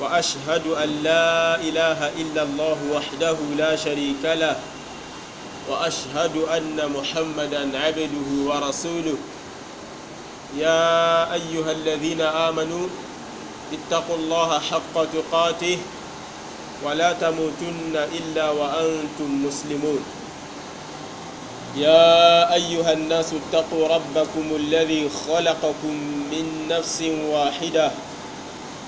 واشهد ان لا اله الا الله وحده لا شريك له واشهد ان محمدا عبده ورسوله يا ايها الذين امنوا اتقوا الله حق تقاته ولا تموتن الا وانتم مسلمون يا ايها الناس اتقوا ربكم الذي خلقكم من نفس واحده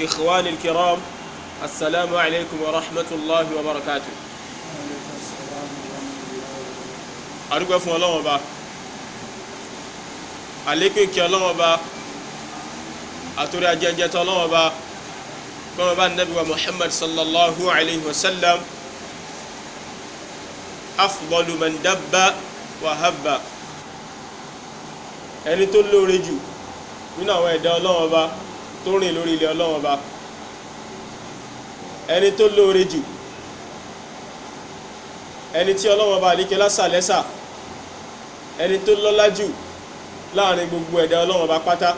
إخواني الكرام السلام عليكم ورحمة الله وبركاته أرجو فún Ọlọ́run Ọba àlékún kí Ọlọ́run Ọba àtúrà jẹjẹ tó Ọlọ́run Ọba kọ́mọ bá nàbí wa Muhammad sallallahu alayhi wa sallam afdalu man dabba wa habba ẹni tó lóore jù nínú àwọn ẹ̀dá Ọlọ́run Ọba tó rìn lórí ilẹ̀ ọlọ́run ọba ẹni tó lóore jù ẹni tí ọlọ́run ọba àdíkẹ́ lásàlẹ́sà ẹni tó lọ́lá jù láàrin gbogbo ẹ̀dá ọlọ́run ọba pátá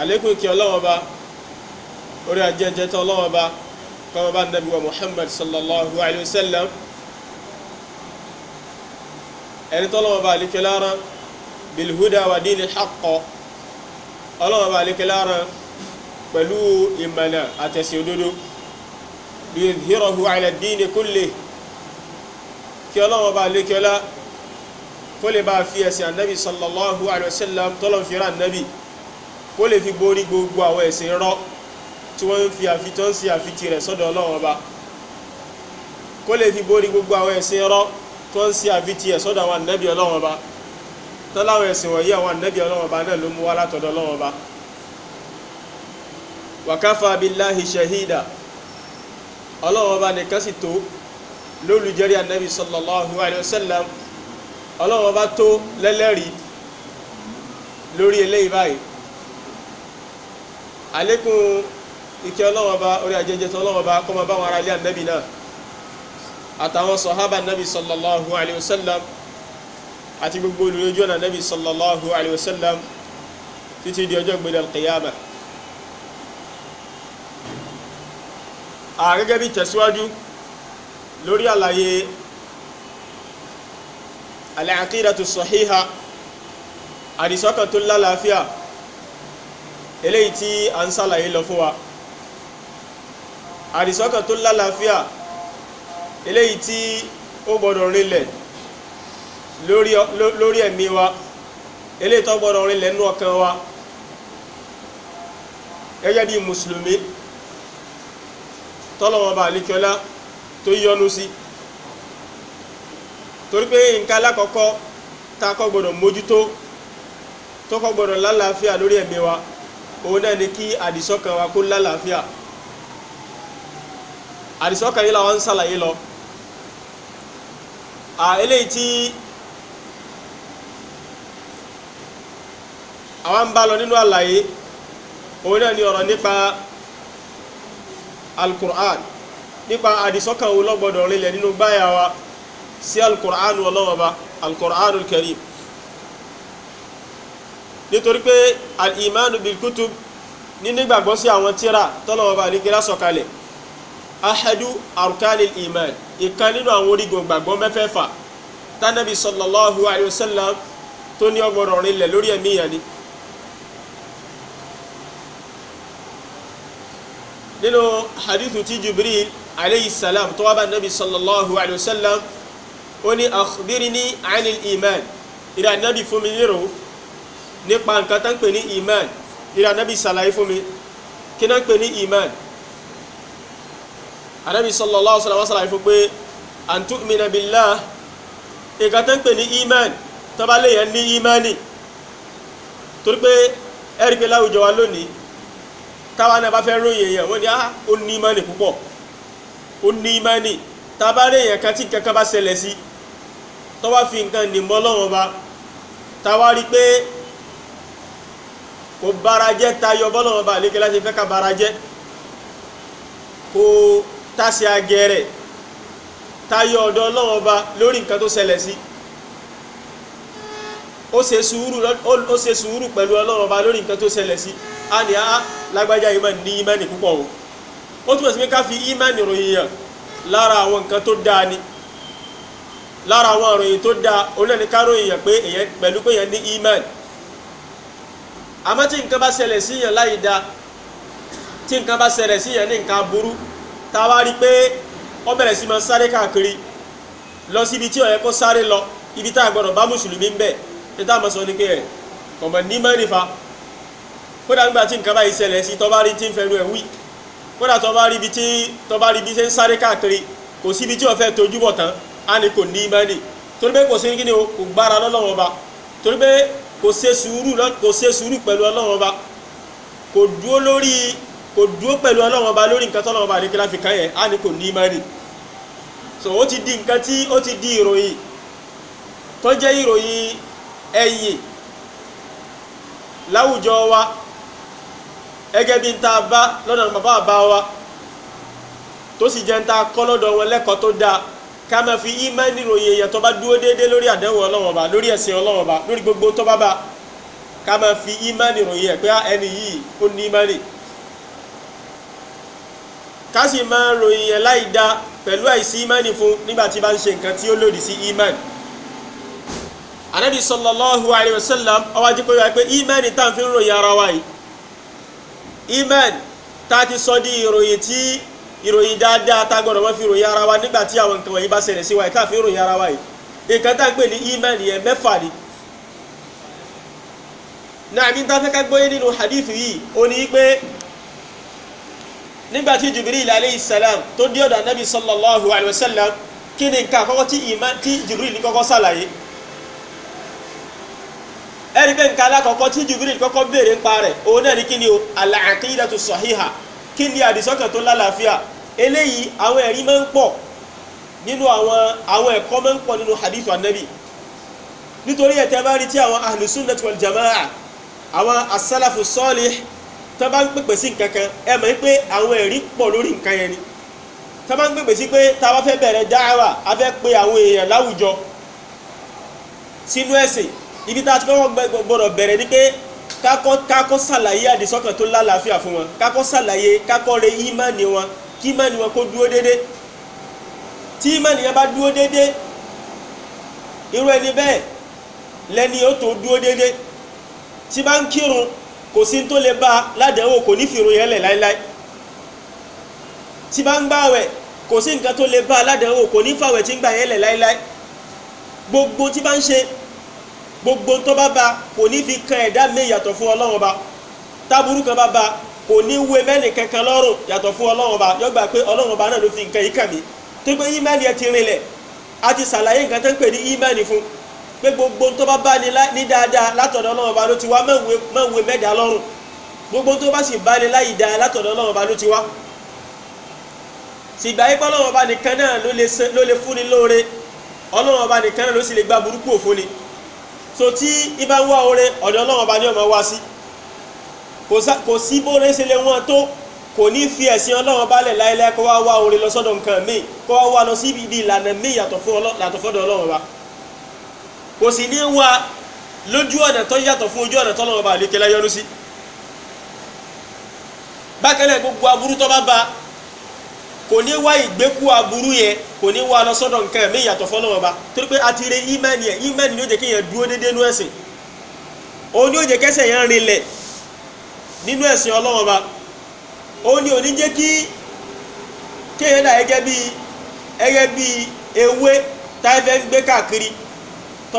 àlékún kí ọlọ́run ọba orí ajẹ́jẹ́ tó ọlọ́run ọba kọ́mọ bá nàbí wa Muhammad sallallahu alayhi wa sallam ẹni tó ọlọ́run ọba àdíkẹ́ lára bilhuda wa dínil haqqo ọlọ́run ọba àlékè láàrán pẹ̀lú ìmọ̀nà àtẹ̀sìn òdodo liyudhhirahu ala ad-dini kulli kí ọlọ́run ọba àlékè ọlá kó lè bá fi ẹ̀sìn ànábì sallallahu alayhi wa sallam tọ́lọ̀ fi rán ànábì kó lè fi borí gbogbo àwọn ẹ̀sìn rọ́ tí wọ́n ń fi àfitọ́ sí àfitì rẹ̀ sọ́dọ̀ tọ́láwọn ẹ̀sìn wọ̀nyí àwọn ànábì ọlọ́wọ́n ọba náà ló mú wá látọ̀dọ̀ ọlọ́wọ́n ọba wàkáfà abiláhi shahida ọlọ́wọ́n ọba nìkan sì tó lólùjẹ́rí ànábì sallallahu alayhi wa sallam ọlọ́wọ́n ọba tó lẹ́lẹ́rìí lórí eléyìí báyìí àlékún ìkẹ́ ọlọ́wọ́n ọba orí ajẹ́jẹ́ tó ọlọ́wọ́n ọba kọ́mọ àti gbogbo olùlójú ọ̀nà nabi sallallahu alayhi wa sallam títí di ọjọ́ gbẹ̀dẹ̀ alqiyama àgẹ́gẹ́ bí tẹ̀síwájú lórí àlàyé al-aqidatu sahiha àdìsọ́kàn tó lálàáfíà eléyìí tí a ń sàlàyé lọ fún wa àdìsọ́kàn tó lálàáfíà eléyìí tí ó gbọ́dọ̀ rinlẹ̀ lórí ẹ̀mí wa eléyìí tó gbọ́dọ̀ rìn lẹ́nu ọkàn wa gẹ́gẹ́ bí mùsùlùmí tọ́lọ́wọ́n bá àlékiọlá tó yọ́nú sí torí pé nǹkan alákọ̀ọ́kọ́ tá a kọ́ gbọ́dọ̀ mójútó tó kọ́ gbọ́dọ̀ lálàáfíà lórí ẹ̀mí wa òun náà ni kí àdìsọ́kàn wa kó lálàáfíà àdìsọ́kàn yìí làwọn ń ṣàlàyé lọ eléyìí tí àwa ń bá lọ nínú àlàyé òun náà ni ọ̀rọ̀ nípa alukur'an nípa àdìsọ́kàn wo lọ́gbọ̀dọ̀ rinlẹ̀ nínú gbáyà wa sí alukur'an ọlọ́wọ́ba alukur'an karim nítorí pé alìmánu bilkutub nínú ìgbàgbọ́ sí àwọn tíra tọ́lọ́wọ́ba àdìkírá sọ̀kalẹ̀ ahadu arkanil iman ìkan nínú àwọn orígun ìgbàgbọ́ mẹ́fẹ̀ẹ̀fà tánàbí sallallahu alayhi wa tó ní ọgbọ̀dọ̀ rinlẹ̀ lórí ẹ̀mí ni. nínú hadithu ti jibril alayhi salam tó wá bá nabi sallallahu alayhi wa sallam ó ní akhbirni anil iman ìrẹ́ ànábì fún mi nírò nípa nǹkan tán pè ní iman ìrẹ́ ànábì sàlàyé fún mi kí náà pè ní iman ànábì sallallahu alayhi wa sallam fún pé an tu'mina nǹkan tán pè ní iman tó bá lè ní imani torí pé ẹ̀rí pé láwùjọ wa lónìí táwa náà bá fẹ́ ròyìn èèyàn wọ́n ní á ah, ó ní ìmánì púpọ̀ ó ní ìmánì tábàárẹ̀ èèyàn kan tí kankan bá ṣẹlẹ̀ sí tọ́wá fi nǹkan nìmọ́ lọ́wọ́n ba táwa rí pé kò bara jẹ́ tayọ bọ́lọ́wọ́n ba lékè láti fẹ́ ká bara kò tásí agẹrẹ tayọ ọ̀dọ̀ lọ́wọ́n ba lórí nǹkan tó ṣẹlẹ̀ sí. Si ó ṣe sùúrù ó ṣe sùúrù pẹ̀lú ọlọ́run ọba lórí nǹkan tó ṣẹlẹ̀ sí a ní a ah, lágbájá ìmánì ní ìmánì púpọ̀ o ó túmọ̀ sí pé ká fi ìmánì ròyìn yàn lára àwọn nǹkan tó dáa ni lára àwọn àròyìn tó dáa onílẹ̀ni ká ròyìn yàn pé èyàn pẹ̀lú pé èyàn ní ìmánì àmọ́ tí nǹkan bá ṣẹlẹ̀ sí yàn láì dáa tí nǹkan bá ṣẹlẹ̀ sí yàn ní nǹkan burú tá wá rí pé ó bẹ̀rẹ̀ sí máa sáré káàkiri lọ síbi tí ó kó sáré lọ ibi tá a gbọ́dọ̀ bá mùsùlùmí ń bẹ̀ẹ́ títà mọ́ sọ ní pé ẹ̀ kọ̀mọ̀ ní mẹ́rin fa kódà nígbà tí nǹkan báyìí ṣẹlẹ̀ sí tọ́ba rí tí ń fẹnu ẹ̀ wí kódà tọ́ba rí bí tí tọ́ba rí bí ṣe ń sáré káàkiri kò síbi tí ọ̀fẹ́ tójú bọ̀ tán á ní kò ní mẹ́rin torí pé kò sí kí ni o kò gbára lọ́lọ́run ọba torí pé kò ṣe sùúrù kò ṣe sùúrù pẹ̀lú ọlọ́run ọba kò dúó lórí kò dúó pẹ̀lú ọlọ́run ọba lórí nǹkan tọ́lọ́run ọba àdékẹ́lá fi kàn yẹn á ní kò ní mẹ́rin so ó ti di nǹkan tí ó ti di ìròyìn tó jẹ́ ìròyìn ẹ̀yìn láwùjọ wa gẹ́gẹ́ bí n ta bá lọ́nà bàbá bá wa tó sì jẹ́ n ta kọ́ lọ́dọ̀ wọn lẹ́kọ̀ọ́ tó dáa ká máa fi ímánì ròyìn èèyàn tó bá dúró déédéé lórí àdẹ́wò Ọlọ́run Ọba lórí ẹ̀sìn Ọlọ́run Ọba lórí gbogbo tó bá bá ká máa fi ímánì ròyìn ẹ̀ pé ah, ẹni yìí ó ní ímánì ká sì máa ròyìn ẹ̀ láì dá pẹ̀lú àìsí ímánì fún nígbà tí bá ń ṣe nǹkan tí ó lòdì sí ímánì anabi sallallahu alayhi wa sallam ọwọ́ ajé pé wípé imani tá à ń fi ń ròyìn ara wa yìí imani tá a ti sọ di ìròyìn tí ìròyìn dáadáa tá a gbọ́dọ̀ wọ́n fi ròyìn ara wa nígbà tí àwọn nǹkan wọ̀nyí bá ṣẹlẹ̀ sí wa yìí tá à fi ń ròyìn ara wa yìí nǹkan tá à ń ní imani yẹn mẹ́fà ni nàmí tá a fẹ́ ká gbóyè nínú hadith yìí ó ní pé nígbà tí Jibril alayhi salam tó dé ọ̀dọ̀ anabi sallallahu alayhi wa sallam kí ni nǹkan àkọ́kọ́ tí Jibril ní kọ́kọ́ sàlàyé ẹ̀rí bẹ́ẹ̀ nǹkan alákọ̀ọ́kọ́ tí Jibril kọ́kọ́ béèrè ń pa rẹ̀ òun náà ní kí ni o al-aqidatu sahiha kí ni àdìsọ́kàn tó lálàáfíà eléyìí àwọn ẹ̀rí máa ń pọ̀ nínú àwọn àwọn ẹ̀kọ́ máa ń pọ̀ nínú hadith anabi nítorí ẹ̀tẹ́ bá rí tí àwọn ahlu sunnah wal jamaa àwọn as-salafu salih tó bá ń pèpè sí nǹkan kan ẹ mọ̀ pé àwọn ẹ̀rí pọ̀ lórí nǹkan yẹn ni tó bá ń pèpè sí pé tá a bá fẹ́ bẹ̀rẹ̀ dáhàwà a fẹ́ pe àwọn èèyàn láwùjọ sínú ẹ̀sìn ibi tá a ti kọ́ gbọ́dọ̀ bẹ̀rẹ̀ ni pé kákọ́ sàlàyé àdìsọ́kàn tó lálàáfíà fún wọn kákọ́ sàlàyé kákọ́ re ìmánì wọn kí ìmánì wọn kó dúró dédé tí ìmánì yẹn bá dúró dédé irú ẹni bẹ́ẹ̀ lẹ́ni ó tó dúró dédé tí bá ń kírun kò sí tó lè bá ládẹ̀wò kò ní fìrun yẹn lẹ̀ láíláí tí bá ń gbààwẹ̀ kò sí nǹkan tó lè bá ládẹ̀wò kò ní fàwẹ̀ tí ń gbà yẹn lẹ̀ láíláí gbogbo tí bá ń ṣe gbogbo tó bá ba kò ní fi kan ẹ̀dá mi yàtọ̀ fún ọlọ́run ọba táburú kan bá ba kò ní wé mẹ́nì kankan lọ́rùn yàtọ̀ fún ọlọ́run ọba yọgbà pé ọlọ́run ọba náà ló fi nǹkan yìí kàn mí tó pé ímẹ́ẹ̀lì ẹ ti rinlẹ̀ a ti ṣàlàyé nǹkan tó ń pè ní ímẹ́ẹ̀lì fún pé gbogbo tó bá bá ní dáadáa látọ̀dọ̀ ọlọ́run ọba ló ti wá mọ̀wé mẹ́dà lọ́rùn gbogbo tó bá sì bá ní láyì dáa látọ̀dọ̀ ọlọ́run ọba ló ti wá sìgbà yìí pọ́lọ́run ọba nìkan náà ló lè fúnni lóore ọlọ́run ọba nìkan náà ló sì lè gba burúkú òfóni so tí ibà ń wá oore ọ̀dọ̀ ọlọ́run ọba ni ó máa wá sí kò sí bóore ṣe lè wọ́n tó kò ní fi ẹ̀sìn ọlọ́run balẹ̀ láéláé kó wá wá oore lọ sọ́dọ̀ nǹkan míì kó wá wá lọ sí ibi ìlànà míì yàtọ̀ fọ́dọ̀ ọlọ́run ọba kò sì ní wá lójú ọ̀nà tó yàtọ̀ fún ojú ọ̀nà tó ọlọ́run ọba àlékelá yọ́nú sí bákan náà gbogbo aburú tó bá ba kò ní wá ìgbékú aburú yẹn kò ní wá lọ sọ́dọ̀ nǹkan ẹ̀mí ìyàtọ̀ fọ́lọ́wọ́ ba torí pé a ti re ímẹ́ni yẹn ímẹ́ni yóò jẹ́ kéèyàn dúró déédéé nú ẹ̀sìn òun ni yóò jẹ́ kẹ́sẹ̀ yẹn rinlẹ̀ nínú ẹ̀sìn Ọlọ́run ba òun ni òní jẹ́ kí kéèyàn dà gẹ́gẹ́ bí gẹ́gẹ́ bí ewé táyẹ̀fẹ́ gbé káàkiri tó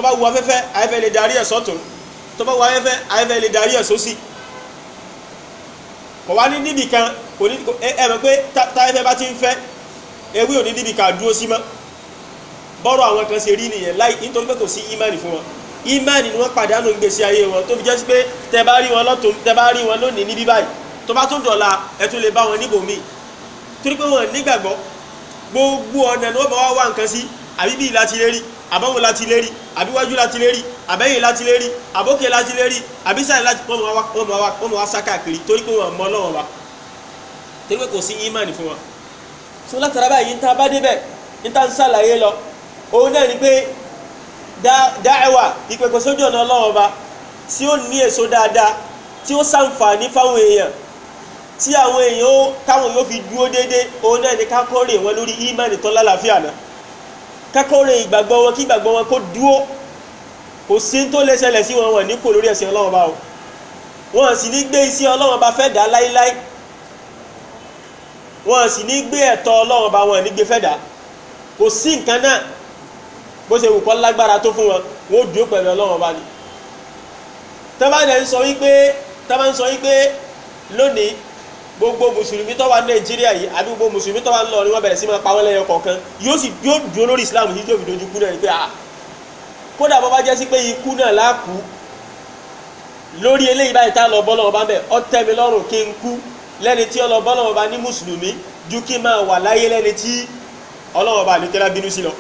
wu afẹ́fẹ́ ẹ̀mọ̀ pé táyẹ̀fẹ́ bá ti ń fẹ́ ewé òní níbi ká dúró sí mọ́ bọ́rọ̀ àwọn kan ṣe rí nìyẹn láì nítorí pé kò sí ìmánì fún wọn ìmánì ni wọ́n pàdánù ìgbésí ayé wọn tó fi jẹ́ sí pé tẹ bá rí wọn lọ́tọ̀ tẹ bá rí wọn lónìí níbí báyìí tó bá tún dọ̀la ẹ tún lè bá wọn níbòmíì torí pé wọn nígbàgbọ́ gbogbo ọ̀nà ni wọ́n bá wá wá nǹkan sí àbí bíi láti lérí àbáwọn láti lérí àbíwájú láti lérí àbẹ́yìn láti lérí àbókè láti lérí àbísàn láti wọ́n mọ̀ wá sákàkiri torí pé wọn mọ ọlọ́wọ́n wa torí pé kò sí ìmánì fún wọn so látara báyìí níta bá débẹ̀ níta ń sàlàyé lọ òun náà ni pé dáẹwà ìpèpè sójú ọ̀nà ọlọ́wọ́n ọba tí ó ní èso dáadáa tí ó sàǹfààní fáwọn èèyàn tí àwọn èèyàn ó táwọn yóò fi dúró déédéé òun náà ni kákọ́rè wọn lórí ìmánì tó lálàáfíà náà kákọ́rè ìgbàgbọ́ wọn kí ìgbàgbọ́ wọn kó dúró kò sí tó lè ṣẹlẹ̀ sí wọn wọn ní kò lórí ẹ̀sìn ọlọ́wọ́n ọba o wọn sì ní gbé iṣẹ́ ọlọ́wọ́n fẹ́ dá láíláí wọn sì ní gbé ẹ̀tọ́ ọlọ́run bá wọn ní gbé fẹ́dà kò sí nǹkan náà bó ṣe wù kọ́ lágbára tó fún wọn wọn ó dúró pẹ̀lú ọlọ́run bá ní. tábàdàn sọ wípé tábàdàn sọ wípé lónìí gbogbo mùsùlùmí tó wà nàìjíríà yìí àbí gbogbo mùsùlùmí tó wà ń lọ ni wọ́n bẹ̀rẹ̀ sí máa pa wọ́n lẹ́yọ kọ̀ọ̀kan yóò sì yóò dúró lórí islam yìí tó fi dojú kú náà ni pé ah kódà bó bá jẹ́ sí pé ikú náà láàkú lórí eléyìí báyìí tá a lọ bọ́ lọ́wọ́ bá ń bẹ̀ ọ́ tẹ́ mi lọ́rùn kí n kú lẹ́ni tí ọlọ́ba ọlọ́wọ́ba ní mùsùlùmí ju kí máa wà láyé lẹ́ni tí ọlọ́wọ́ba àlékẹ́lá bínú sí lọ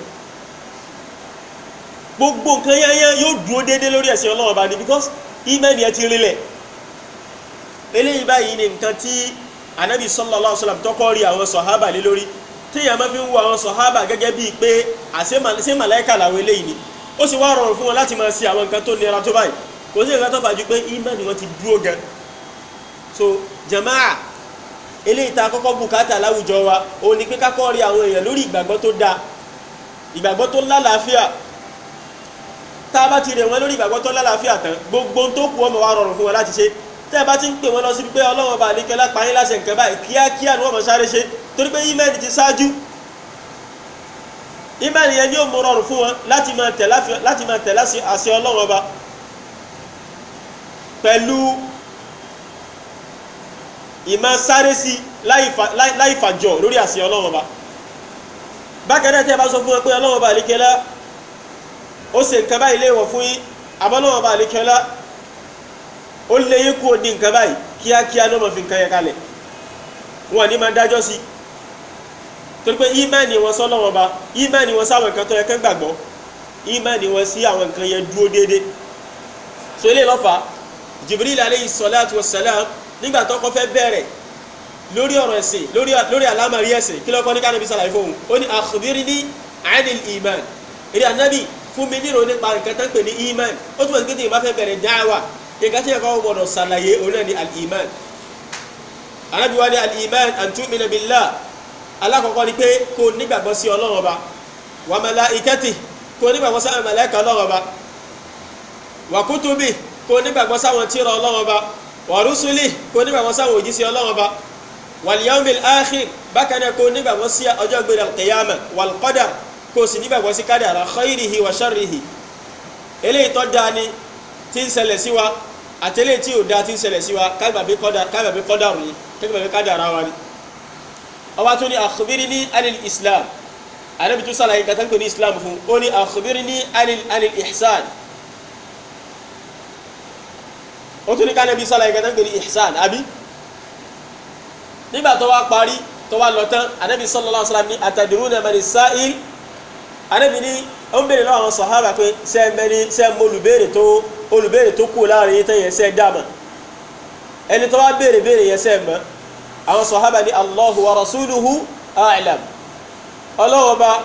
gbogbo nǹkan yányá yóò dúró déédéé lórí ẹ̀sìn ọlọ́wọ́ba ni because ìmánì ẹ ti rinlẹ̀ eléyìí báyìí ni nǹkan tí anabi sallallahu alaihi wasallam tọ́kọ́ rí àwọn sọ̀hábà lé lórí téèyàn máa fi ń wo àwọn sọ̀hábà gẹ́gẹ́ bíi pé àṣé màláìkà làwọn eléyìí ni ó sì wá rọrùn fún wọn láti máa ṣe àwọn nǹkan tó nira tó báyìí kò sí nǹkan tó fàájú pé ìmánì wọn ti dúró gan so jamaa eléyìí tá a kọ́kọ́ bùkátà láwùjọ wa òun ni pé ká kọ́ rí àwọn èèyàn lórí ìgbàgbọ́ tó dáa ìgbàgbọ́ tó lálàáfíà tá a bá ti rẹ̀ wọ́n lórí ìgbàgbọ́ tó lálàáfíà tán gbogbo tó kù ọmọ wa rọrùn fún wọn láti ṣe tẹ́ ẹ bá ti ń pè wọ́n lọ síbi pé ọlọ́wọ́n bá àlékẹ́ lápá yín láṣẹ nǹkan báyìí kíákíá ni wọ́n mọ̀ sáré ṣe torí pé ímẹ́ẹ̀lì ti ṣáájú ímẹ́ẹ̀lì yẹn ni ó mú rọrùn fún wọn láti máa tẹ̀ láti máa tẹ̀ láti ọlọ́wọ́n ba pẹ̀lú ìmọ̀ sáré sí láìfàjọ lórí àṣẹ ọlọ́wọ́n ba bákan náà tí a bá sọ fún ẹ pé ọlọ́wọ́n ba àlékẹ́lá ó ṣe nǹkan báyìí léèwọ̀ fún yín àbọ́lọ́wọ́n ba àlékẹ́lá ó lé yín kúrò ní nǹkan báyìí kíákíá ló mọ̀ fi nǹkan yẹn kalẹ̀ wọn ní máa dájọ́ sí torí pé ìmánì wọn sọ́lọ́wọ́n ba ìmánì wọn sáwọn nǹkan tó yẹ kán gbàgbọ́ ìmánì wọn sí àwọn nǹkan yẹn dúró déédéé so eléyìí ló fà Jibril alayhi salatu wa salam nígbà tọ́kọ fẹ́ bẹ̀rẹ̀ lórí ọ̀rọ̀ ẹ̀sìn lórí àlámọ̀rí ẹ̀sìn kí lọ́kọ́ ní kánábí sàlàyé fóun ó ní akhbirni anil iman èrè ànábì fún mi nírò nípa nǹkan tán pè ní iman ó túmọ̀ sí pé tèmi bá fẹ́ bẹ̀rẹ̀ dáwà nǹkan tí ẹ̀kọ́ gbọ́dọ̀ sàlàyé òun náà ní al iman ànábì wa ní al iman an tu'mina billah alákọ̀ọ́kọ́ ni pé kò nígbàgbọ́ sí ọlọ́run ọba wa wa rusuli kó nígbàgbọ́ sáwọn òjíṣẹ́ ọlọ́run ọba wal yawmil akhir bákan náà kó nígbàgbọ́ sí ọjọ́ gbèrè al-qiyamah wal qadar kó sì nígbàgbọ́ sí kádàrá khairihi wa sharrihi eléyìí tó dáa ni tí ń ṣẹlẹ̀ sí wa àti tí ò dáa tí ń ṣẹlẹ̀ sí wa kábàbí kọ́dàrú ni kábàbí kádàrá wa ni ọwá tó ní akhbirni anil islam àdébìtú sàlàyé gàtàkùn ní islam fún ó ní akhbirni anil anil ihsan ó tún ní ká nẹ́bí sálàyé kẹta ń pè ní ihsan àbí nígbà tó wá parí tó wá lọ tán ànábì sallallahu alaihi wasallam ní atadruna man as-sa'il ànábì ní ó ń béèrè lọ́wọ́ àwọn sàhábà pé ṣe ń bẹni ṣe ń mọ olùbéèrè tó olùbéèrè tó kú láàrin yìí tán yẹn ṣe dáàmà ẹni tó wá béèrè béèrè yẹn ṣe mọ́ àwọn sàhábà ní Allahu wa rasuluhu a'lam ọlọ́wọ́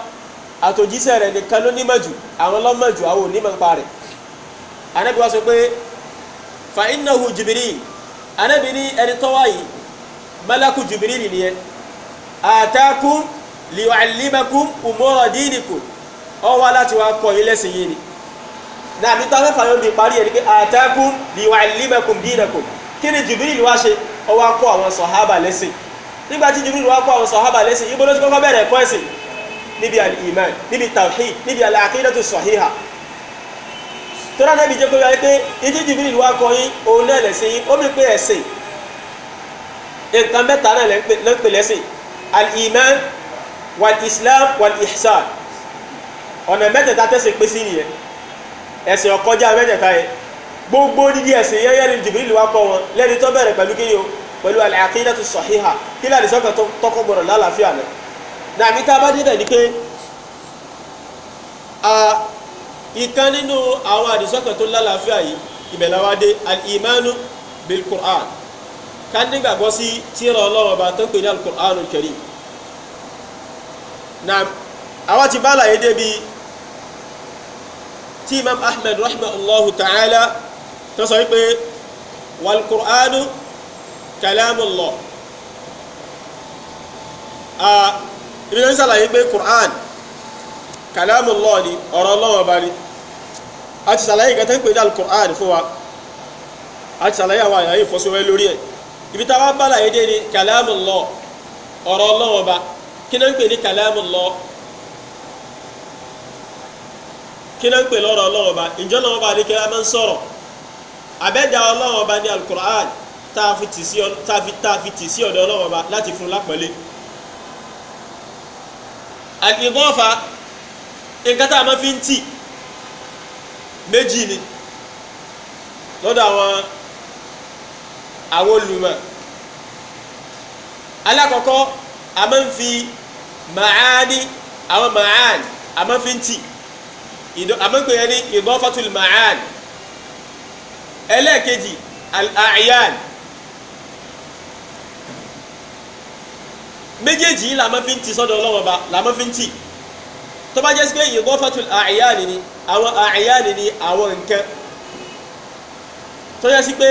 àtòjíṣẹ́ rẹ̀ nìkan ló nímọ̀ jù àwọn lọ́mọ̀ jù àwọn onímọ̀ ń parẹ̀ ànábì wá sọ pé fa innahu jibril anabi ní ẹni tó wá yìí malaku jibril nìyẹn atakum liyu'allimakum umura dinikum ó wá láti wá kọ́ yín lẹ́sìn yìí ni náà mi tán fẹ́fà yóò di parí ẹni pé atakum liyu'allimakum dinakum kí ni jibril wá ṣe ó wá kọ́ àwọn sọ̀hábà lẹ́sìn jibril wá kọ́ àwọn sọ̀hábà lẹ́sìn ibo ti kọ́kọ́ bẹ̀rẹ̀ ẹ̀kọ́ ẹ̀sìn níbi al-iman níbi tawhid níbi tọ́lá náà bí jẹ́ kóyọ pé ìdí jìbìrì wá kọ yín òun náà lẹ̀sìn yín ó mi pé ẹ̀sìn nǹkan mẹ́ta náà ló ń pè lẹ́sìn al-iman wal-islam wal-ihsan ọ̀nà mẹ́tẹ̀ẹ̀ta tẹ̀sìn pé sí nìyẹn ẹ̀sìn ọ̀kọjá mẹ́tẹ̀ẹ̀ta yẹn gbogbo dídí ẹ̀sìn yẹn yẹn ni jìbìrì wá kọ wọn lẹ́ni tó bẹ̀rẹ̀ pẹ̀lú kí yóò pẹ̀lú al-aqidatu sahiha kí láti sọ́kàn tọkọ gbọ̀rọ̀ lálàáfíà náà nàmí tá a bá dé náà ni pé ìkan nínú àwọn àdìsọ́kàn tó lálàáfíà yìí ìbẹ̀láwádé al-imanu bil-Qur'an ká nígbàgbọ́ sí tírà Ọlọ́run ọba tó ń pè ní al-Qur'anul Karim na àwa ti bá àlàyé débi tí Imam Ahmad rahimahullahu ta'ala tó sọ wípé wal-Qur'anu kalamullah ibi ló ń sàlàyé pé Qur'an kàlámù lọ́ọ̀ ni ọ̀rọ̀ ọlọ́wọ̀n bá ní a ti sàlàyé nǹkan tó ń pè ní alukur'an fún wa a ti sàlàyé àwọn àyàyè ìfọ́sowẹ́ lórí ẹ̀ ibi táwa bala yìí dé ni kàlámù lọ́ọ̀ ọ̀rọ̀ ọlọ́wọ̀n bá kí ló ń pè ní kàlámù lọ́ọ̀ kí ló ń pè lọ́rọ̀ ọlọ́wọ̀n bá ǹjọ́ lọ́wọ́ bá ní kí máa ń sọ̀rọ̀ àbẹ́dà ọlọ́wọ̀n bá ní alukur'an tá a fi tì sí ọ̀dọ̀ nǹkan tá a máa fi ń tì méjì ni lọ́dọ̀ àwọn àwọn olùmọ̀ alákọ̀ọ́kọ́ a máa ń fi màáni àwọn màáni a máa fi ń tì a máa ń pè é ní ìdọ́fàtul màáni ẹlẹ́ẹ̀kejì al-a'yan méjèèjì la máa fi ń tì sọ́dọ̀ ọlọ́wọ́ba la máa fi ń tì tó bá jẹ́ sí pé ìgọ́fàtul àìyáni ni àwọn àìyáni ni àwọn nǹkan tó jẹ́ sí pé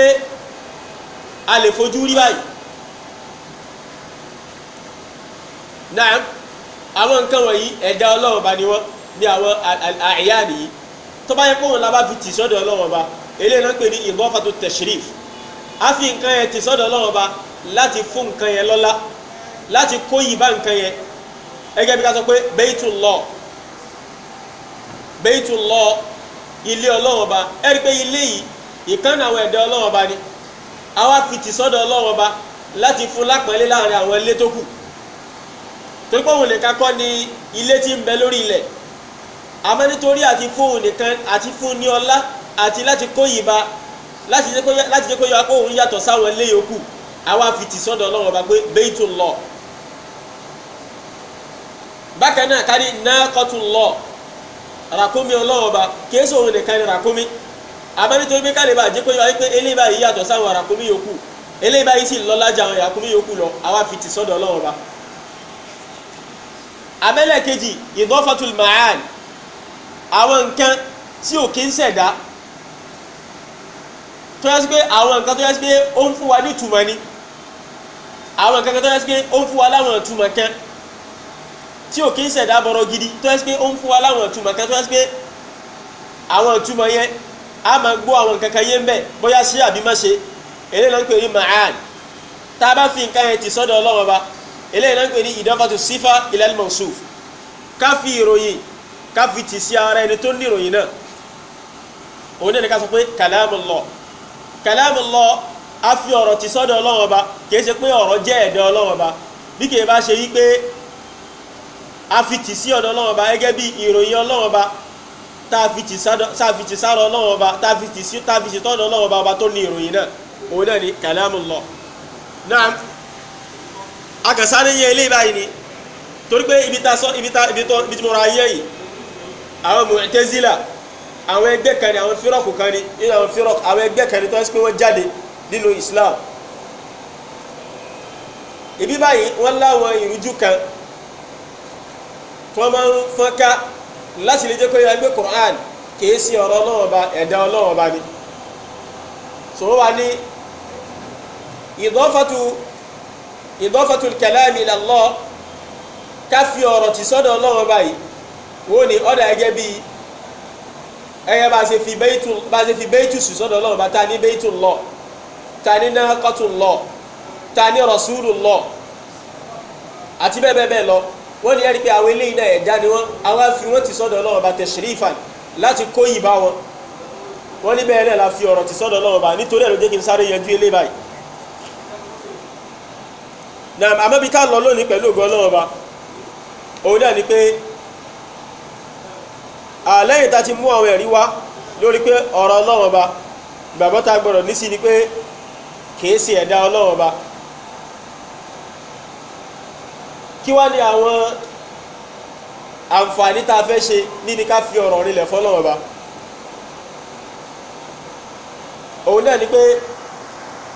a lè fojú rí báyìí náà àwọn nǹkan wọ̀nyí ẹ̀dá ọlọ́run bá ni wọ́n ní àwọn àìyáni yìí tó bá yẹ kó wọn lábá fi tì sọ́dọ̀ ọlọ́run ọba eléyìí náà pè ní ìgọ́fàtul tashrif a fi nǹkan yẹn tì sọ́dọ̀ ọlọ́run ọba láti fún nǹkan yẹn lọ́lá láti kó yìí bá nǹkan yẹn ẹgẹ́ bí ká sọ pé Baitullah Baitullah ilé ọlọ́run ọba ẹ̀rí pé ilé yìí ìkànnì àwọn ẹ̀dá ni àwa fi tì sọ́dọ̀ ọlọ́run ọba láti fún lápẹ́lẹ́ láàrin àwọn ilé tó kù torí ni ilé ti ń bẹ lórí ilẹ̀ àmọ́ nítorí àti fún òun nìkan àti fún ní ọlá àti láti kó yìnbá láti jẹ́ kó yọ òun yàtọ̀ sáwọn ilé yòókù àwa fi ràkúnmí ọlọ́wọ́ba kìí sọ òun nìkan ni ràkúnmí àmọ́ nítorí pé kálíbà jẹ́ pé wáyé pé eléyìí báyìí yàtọ̀ sáwọn ràkúnmí yòókù eléyìí báyìí sì lọ́lá ju àwọn ràkúnmí yòókù lọ àwa fi ti sọ́dọ̀ ọlọ́wọ́ba. abẹ́lẹ̀ kejì ìdọ́fọ́tul ma'an àwọn nǹkan tí ò kí ń ṣẹ̀dá tó yẹ sí pé àwọn nǹkan tó yẹ pé ó ń fún wa ní ìtumọ̀ ni àwọn nǹkan tó yẹ pé ó ń fún wa láwọn ìtumọ̀ kan tí ò kí ń ṣẹ̀dá bọ̀rọ̀ gidi tó ẹ́ sí pé ó ń fún wa láwọn ìtumọ̀ kan tó ẹ́ sí pé àwọn ìtumọ̀ yẹn a máa gbọ́ àwọn kankan yé ń bẹ̀ bóyá ṣe àbí má ṣe eléyìí náà ń pè ní ma'an tá a bá fi nǹkan yẹn ti sọ́dọ̀ Ọlọ́run Ọba eléyìí náà ń pè ní idafatu sífà ila al-mawsuf ká fi ìròyìn ká fi tì sí ara ẹni tó ní ìròyìn náà òun náà ni ká sọ pé kalamullah kalamullah a fi ọ̀rọ̀ ti sọ́dọ̀ Ọlọ́run Ọba kì í ṣe pé ọ̀rọ̀ jẹ́ ẹ̀dọ̀ Ọlọ́run Ọba bí kì a fi tì sí ọ̀dọ̀ ọlọ́run ọba gẹ́gẹ́ bí ìròyìn ọlọ́run ọba tá a fi tì sára ọlọ́run ọba tá a fi tì sí tá a fi tì tọ́dọ̀ ọlọ́run ọba ọba tó ní ìròyìn náà òun náà ni kalamullah náà akànsáré yẹn ilé báyìí ni torí pé ibi tá ibi tí mo ra ayé yìí àwọn Mu'tazila àwọn ẹgbẹ́ kan ní àwọn fírọ̀kù kan ní nínú àwọn fírọ̀kù àwọn ẹgbẹ́ kan ní tó ń pé wọ́n jáde nínú Islam ibi báyìí wọ́n láwọn ìrújú kan tí wọ́n máa ń fọ́n ká láti lè jẹ́ pé ẹgbẹ́ Qur'an kìí sí ọ̀rọ̀ Ọlọ́run ọba ẹ̀dá Ọlọ́run ọba ni sọ̀rọ̀ wa ní ìdọ́fàtú ìdọ́fàtú kalami ila Allah ká fi ọ̀rọ̀ tì sọ́dọ̀ Ọlọ́run ọba yìí wọ́n ní ọ̀dà ẹgẹ́ bíi ẹgẹ́ bá ṣe fi bẹ́ẹ̀tù bá ṣe fi bẹ́ẹ̀tù sì sọ́dọ̀ Ọlọ́run ọba ta ní bẹ́ẹ̀tù lọ ta ní nahaqatu lọ ta ní rasulullah àti bẹ́ẹ̀ bẹ́ẹ̀ bẹ́ẹ̀ lọ wọ́n ní ẹ̀rí pé àwọn eléyìí náà ẹ̀dá ni wọ́n àwọn afi wọ́n ti sọ́dọ̀ ọlọ́run bá tẹ̀sírìfà láti kó yìí bá wọn wọ́n ní bẹ́ẹ̀ náà la fi ọ̀rọ̀ ti sọ́dọ̀ ọlọ́run bá nítorí ẹ̀ ló jẹ́ kí n sáré yanjú eléyìí báyìí na àmọ́bi ká lọ lónìí pẹ̀lú ògo ọlọ́run bá òun náà ni pé àlẹ́yìn tá ti mú àwọn ẹ̀rí wá lórí pé ọ̀rọ̀ ọlọ́run bá ìgbàgbọ́ tá gbọ́dọ̀ ní sí ni pé kìí ṣe ẹ̀dá kí wá ní àwọn àǹfààní tá a fẹ́ ṣe níbi ká fi ọ̀rọ̀ rinlẹ̀ fọ́lọ́wọ́n ba òun náà ni pé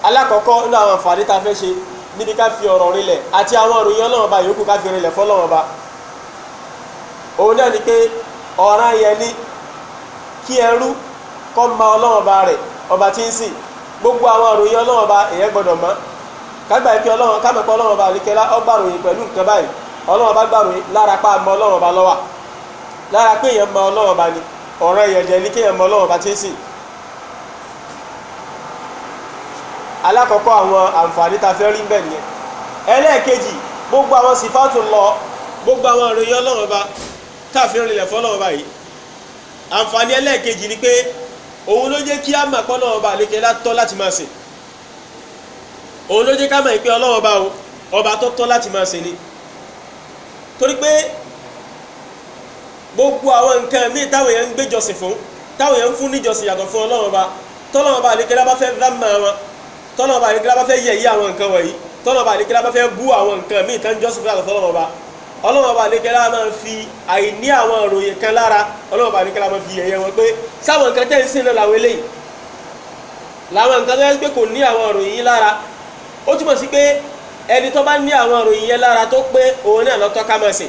alákọ̀ọ́kọ́ nínú àwọn àǹfààní tá a fẹ́ ṣe níbi ká fi ọ̀rọ̀ rinlẹ̀ àti àwọn òròyìn ọlọ́wọ́n ba yòókù ká fi rinlẹ̀ fọ́lọ́wọ́n ba òun náà ni pé ọ̀ràn yẹn ni kí ẹrú kọ́ ma ọlọ́wọ́n ba rẹ̀ ọba tí ń sìn gbogbo àwọn òròyìn ọlọ́wọ́n ba èèyàn gbọ́dọ̀ mọ̀ kágbà yìí pé ọlọ́run ká pé ọlọ́run ọba àlekẹ́lá ọ pẹ̀lú nǹkan báyìí ọlọ́run ọba gbàròyìn lára pa àmọ́ ọlọ́run ọba lọ́wà lára pé èèyàn mọ ọlọ́run ọba ni ọ̀rọ̀ èèyàn jẹ́ ní kéèyàn mọ ọlọ́run ọba tí ń sìn. alákọ̀ọ́kọ́ àwọn àǹfààní ta fẹ́ rí ń bẹ̀ gbogbo àwọn sìfáàtù gbogbo àwọn ọlọ́run ọba a òun ló jẹ́ ká mọ̀ pé ọlọ́wọ́ bá o ọba tó tọ́ láti máa ṣe ni torí pé gbogbo àwọn nǹkan míì táwọn èèyàn ń gbéjọsìn fún táwọn èèyàn ń fún níjọsìn yàtọ̀ fún ọlọ́wọ́ bá tọ́lọ́wọ́ bá àdékẹ́lá bá fẹ́ dámà wọn tọ́lọ́wọ́ bá àdékẹ́lá bá fẹ́ yẹ̀yẹ́ àwọn nǹkan wọ̀nyí tọ́lọ́wọ́ bá àdékẹ́lá bá fẹ́ bú àwọn nǹkan míì tán jọ́sìn fún yàtọ̀ fọ́lọ́wọ́ bá ọlọ́wọ́ bá àdékẹ́lá máa fi àìní àwọn ìròyìn kan lára ọlọ́wọ́ bá àdékẹ́lá máa fi yẹ̀yẹ́ wọn pé sáwọn nǹkan tẹ́ ń sìn náà làwọn eléyìí làwọn nǹkan tó yẹ pé kò ní àwọn ìròyìn lára ó túmọ̀ sí pé ẹni tó bá ní àwọn ìròyìn yẹn lára tó pé òun náà lọ́tọ́ ká máa sìn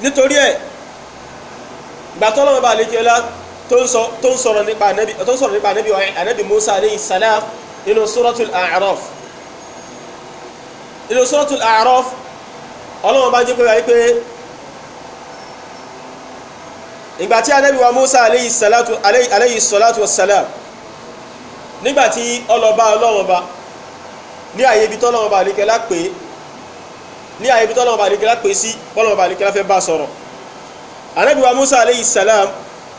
nítorí ẹ̀ ìgbà tó lọ́wọ́ bá àlejò ọlá tó ń sọ̀rọ̀ nípa ànábì ànábì Musa alayhi salam nínú suratul A'raf nínú suratul A'raf ọlọ́wọ́ bá jẹ́ pé wáyé pé ìgbà tí ànábì wa Musa alayhi salatu alayhi salatu wa salam nígbàtí ọlọ́ba ọlọ́run ọba ní àyè ibi tọ́lọ́run ọba àdékẹ́lá pé ní àyè ibi tọ́lọ́run ọba àdékẹ́lá pé sí bọ́lọ́run ọba àdékẹ́lá fẹ́ bá sọ̀rọ̀ ànábì wa musa aleyhi salam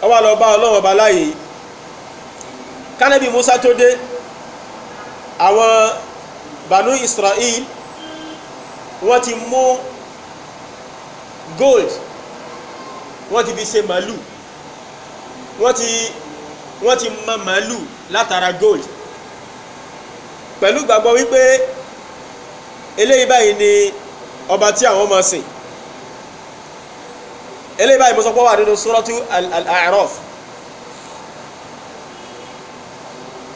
ó wá lọ bá ọlọ́run ọba láàyè kánẹ́bì musa tó dé àwọn banu israel wọ́n ti mú gold wọ́n ti fi ṣe màálù wọ́n ti wọ́n ti mọ màálù látara gold pẹ̀lú gbàgbọ́ wípé eléyìí báyìí ni ọba tí àwọn máa sìn eléyìí báyìí mo sọ pé wà nínú suratu al-A'raf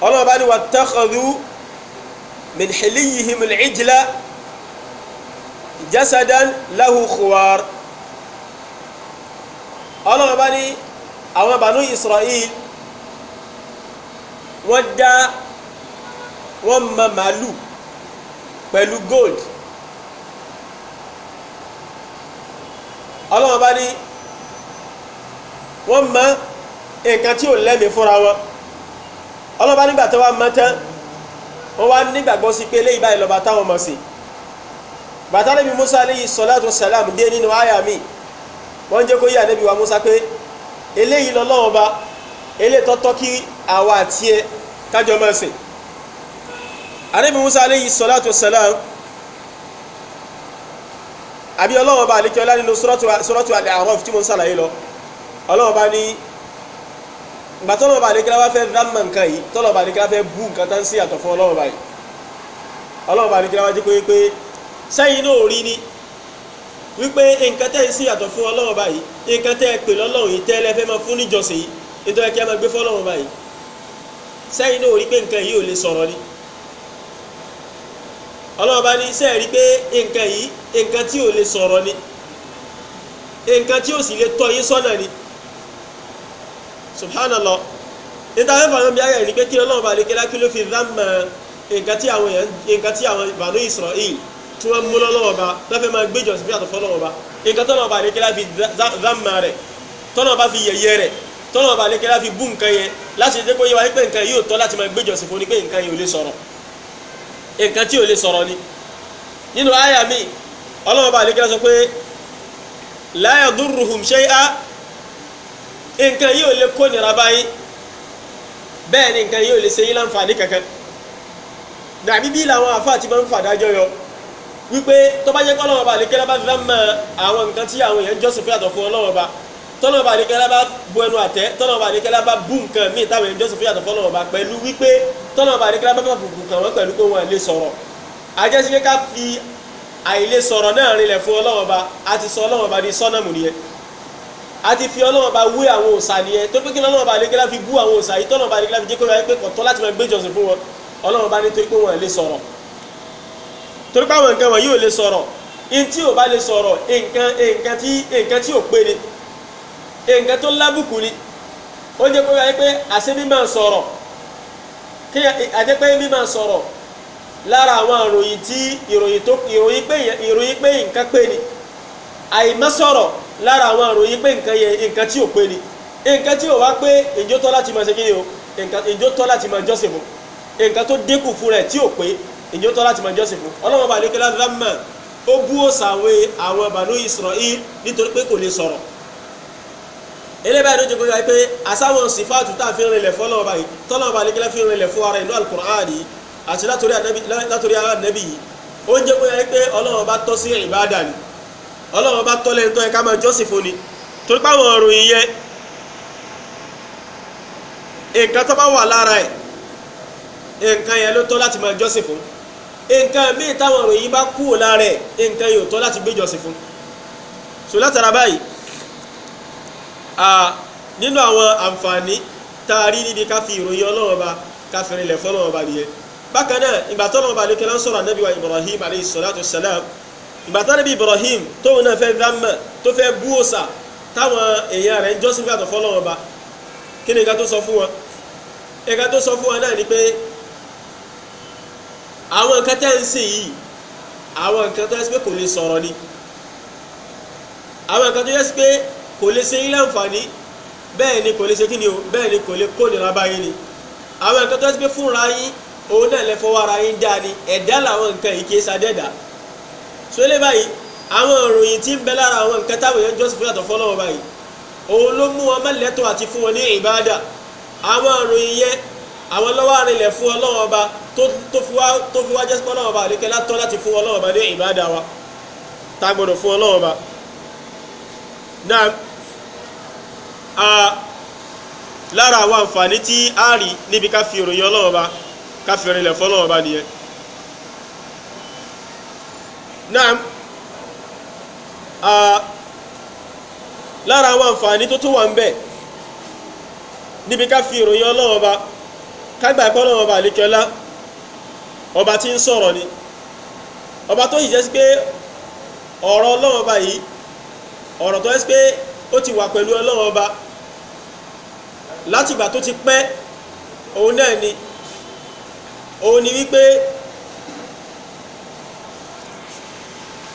ọlọ́run bá ní wattakhadhu min hiliyihim al-ijla jasadan lahu khuwar ọlọ́run bá wọ́n dá wọ́n mọ màálù pẹ̀lú gold ọlọ́wọ́n bá ní wọ́n mọ nǹkan tí ò lẹ́mìí fúnra wọn ọlọ́wọ́n bá nígbà tó wá mọ tán wọ́n wá nígbàgbọ́ sí pé léyìí báyìí lọ́ba táwọn mọ̀ sí bàtà níbi Musa alayhi salatu salam dé nínú àyà mi wọ́n jẹ́ kó yé ànábì wa Musa pé eléyìí lọ́lọ́wọ́n bá ele tọ́tọ́ kí àwa àti ẹ kájọ máa sìn ànábì musa aleyhi salatu salam àbí ọlọ́wọ́n bá alékẹ́ ọlá nínú suratu al-A'raf tí mo ń sàlàyé lọ ọlọ́wọ́n bá ní ìgbà tọ́lọ́wọ́n bá alékẹ́ láwá fẹ́ rámà nǹkan yìí tọ́lọ́wọ́n bá alékẹ́ láwá fẹ́ bú nǹkan tán sí àtọ̀fọ́ ọlọ́wọ́n báyìí ọlọ́wọ́n bá alékẹ́ láwá jẹ́ pé pé sẹ́yìn náà rí ni wípé nǹkan tẹ́ ń sí àtọ̀fọ́ ọlọ́wọ́n báyìí nǹkan tẹ́ pè lọ́lọ́run yìí tẹ́lẹ̀ fẹ́ máa fún níjọsìn yìí nítorí kí a máa gbé fọ́lọ́run báyìí sẹ́yìn náà rí pé nǹkan yìí ò lè sọ̀rọ̀ ni ọlọ́run bá ní sẹ́yìn rí pé nǹkan yìí nǹkan tí ò lè sọ̀rọ̀ ni nǹkan tí ò sì lè tọ́ yín sọ́nà ni subhanallah níta fẹ́fà yóò bí ayé rí pé kí ọlọ́run bá lè kí lákí ló fi dámà nǹkan tí àwọn nǹkan tí àwọn Banu Isra'il tí wọ́n mú lọ́wọ́ ba lọ́fẹ́ máa gbé jọ̀sìn bí àtọ̀fọ́ lọ́wọ́ ba nǹkan tọ́lọ́run bá lè kí láfi dámà rẹ̀ tọ́lọ́run bá fi yẹ̀yẹ́ rẹ̀ tọ́nà ọba àlékè láfi bú nǹkan yẹn láti dé kó yẹ wáyé pé nǹkan yìí ò tọ́ láti máa gbéjọsìn fún ni pé nǹkan yìí ò lè sọ̀rọ̀ nǹkan tí ò lè sọ̀rọ̀ ni nínú àyà mi ọlọ́run ọba àlékè sọ pé la yadurruhum shay'a nǹkan yìí ò lè kó nira báyìí bẹ́ẹ̀ ni nǹkan yìí ò lè ṣe yín láǹfààní kankan dàbí bí làwọn àfáà ti máa ń fàdájọ́ yọ wípé tó bá jẹ́ pé ọlọ́run ọba àlékè lábá fi lámà àwọn nǹkan tí àwọn èèyàn tọ́nà bá adékẹ́lá bá bu ẹnu àtẹ́ tọ́nà bá adékẹ́lá bá bú nǹkan míì táwọn ẹni jọ́sìn fún yàtọ̀ fọ́nà ọba pẹ̀lú wípé tọ́nà bá adékẹ́lá bá bá fòkù kàn wọ́n pẹ̀lú pé wọ́n lè sọ̀rọ̀ ajẹ́sí pé ká fi àìlè sọ̀rọ̀ náà rinlẹ̀ fún Ọlọ́run Ọba a ti sọ Ọlọ́run Ọba di sọ́nàmù nìyẹn a ti fi Ọlọ́run Ọba wé àwọn òòṣà nìyẹn tó pé kí Ọlọ́run Ọba adékẹ́lá fi bú àwọn òòṣà yìí tọ́nà Ọba adékẹ́lá fi jẹ́ kó wáyé pé kọ̀tọ́ láti máa gbé jọ́sìn fún wọn Ọlọ́run Ọba nítorí pé wọ́n lè sọ̀rọ̀ torí pé àwọn nǹkan wọ̀nyí ò lè sọ̀rọ̀ ntí ò bá lè sọ̀rọ̀ nǹkan tó lábùkù ni ó jẹ́ pé wáyé pé àṣẹ mímọ̀ sọ̀rọ̀ kí àjẹ́ pé mímọ̀ sọ̀rọ̀ lára àwọn ìròyìn tí ìròyìn tó ìròyìn pé ìròyìn pé nǹkan pé ni àìmọ́sọ̀rọ̀ lára àwọn ìròyìn pé nǹkan yẹn nǹkan tí ò pé ni nǹkan tí ò wá pé ìjó tọ́ láti máa ṣe kí o ìjó tọ́ láti máa jọ́sìn fún nǹkan tó dínkù fún rẹ̀ tí ò pé ìjó tọ́ láti máa jọ́sìn fún ọlọ́mọba àdékẹ́lá lámà ó bú òsàwé àwọn bànú Israel nítorí pé kò lè sọ̀rọ̀ eléyìí báyìí ló jẹ́ kó yà pé àsáwọn sífáàtù tá a fi rinlẹ̀ fọ́lọ́ ọba yìí tọ́lọ́ ọba alẹ́kẹ́lẹ́ fi rinlẹ̀ fún ara ìlú alukur'ani àti látòrí ara nẹ́bí yìí ó ń jẹ́ kó yà pé ọlọ́run ọba tọ́ sí ìbáàdà ni ọlọ́run ọba tọ́ lẹ́nu tó yẹ ká máa jọ́sìn fún ni torí páwọn ọ̀rùn yìí yẹ nǹkan tó bá wà lára ẹ̀ nǹkan yẹn ló tọ́ láti máa jọ́sìn fún nǹkan míì táwọn ọ̀rùn yìí bá kúrò lára ẹ̀ nǹkan yìí ò tọ́ láti gbé jọ́sìn fún so látara nínú àwọn àǹfààní tá a rí níbi ká fi ìròyìn ọlọ́run ọba ká fi rinlẹ̀ fún ọlọ́run ọba nìyẹn bákan náà ìgbà tó lọ́wọ́ balẹ̀ kí lọ́n sọ̀rọ̀ anábìwá ibrahim aleyhi salatu salam ìgbà tó ibrahim tóun náà fẹ́ dámà tó fẹ́ bú òòṣà táwọn èèyàn rẹ̀ ń jọ́sìn ọba kí ni ìka tó sọ fún wọn ìka tó sọ fún wọn náà ni pé àwọn kò lè ṣe ilé àǹfààní bẹ́ẹ̀ ni kò lè ṣe kíni o bẹ́ẹ̀ ni kò lè kó nira báyìí ni àwọn nǹkan tó ti pé fúnra yín òun náà lè fọwọ́ ara yín dáa ni ẹ̀dá làwọn nǹkan yìí kì í sadẹ́dà so lè báyìí àwọn ìròyìn tí ń bẹ lára àwọn nǹkan táwọn èèyàn jọ́sìn fún yàtọ̀ fọlọ́wọ́ báyìí òun ló mú wọn mẹ́lẹ́tọ̀ àti fún wọn ní ìbáadà àwọn ìròyìn yẹn àwọn lọ́wọ́ àrinlẹ̀ fún ọlọ́wọ́ tó fi wá jẹ́sìn fún ọlọ́wọ́ tọ́ láti fún ọlọ́wọ́ ní ìbáadà wa tá a gbọ́dọ̀ fún ọlọ́wọ́ náà a lára àwọn àǹfààní tí a rí níbi ká fi ìròyìn ọlọ́run ọba ká fi rinlẹ̀ fọlọ́run ọba nìyẹn náà a lára àwọn àǹfààní tó tún wà ń bẹ níbi ká fi ìròyìn ọlọ́run ọba ká gbà pé ọlọ́run ọba àlékẹ́lá ọba tí ń sọ̀rọ̀ ni ọba tó yìí jẹ́ sí pé ọ̀rọ̀ ọlọ́run yìí ọ̀rọ̀ tó ẹ́ pé ó ti wà pẹ̀lú ọlọ́run ọba látìgbà tó ti pẹ́ òun náà ni òun ni wípé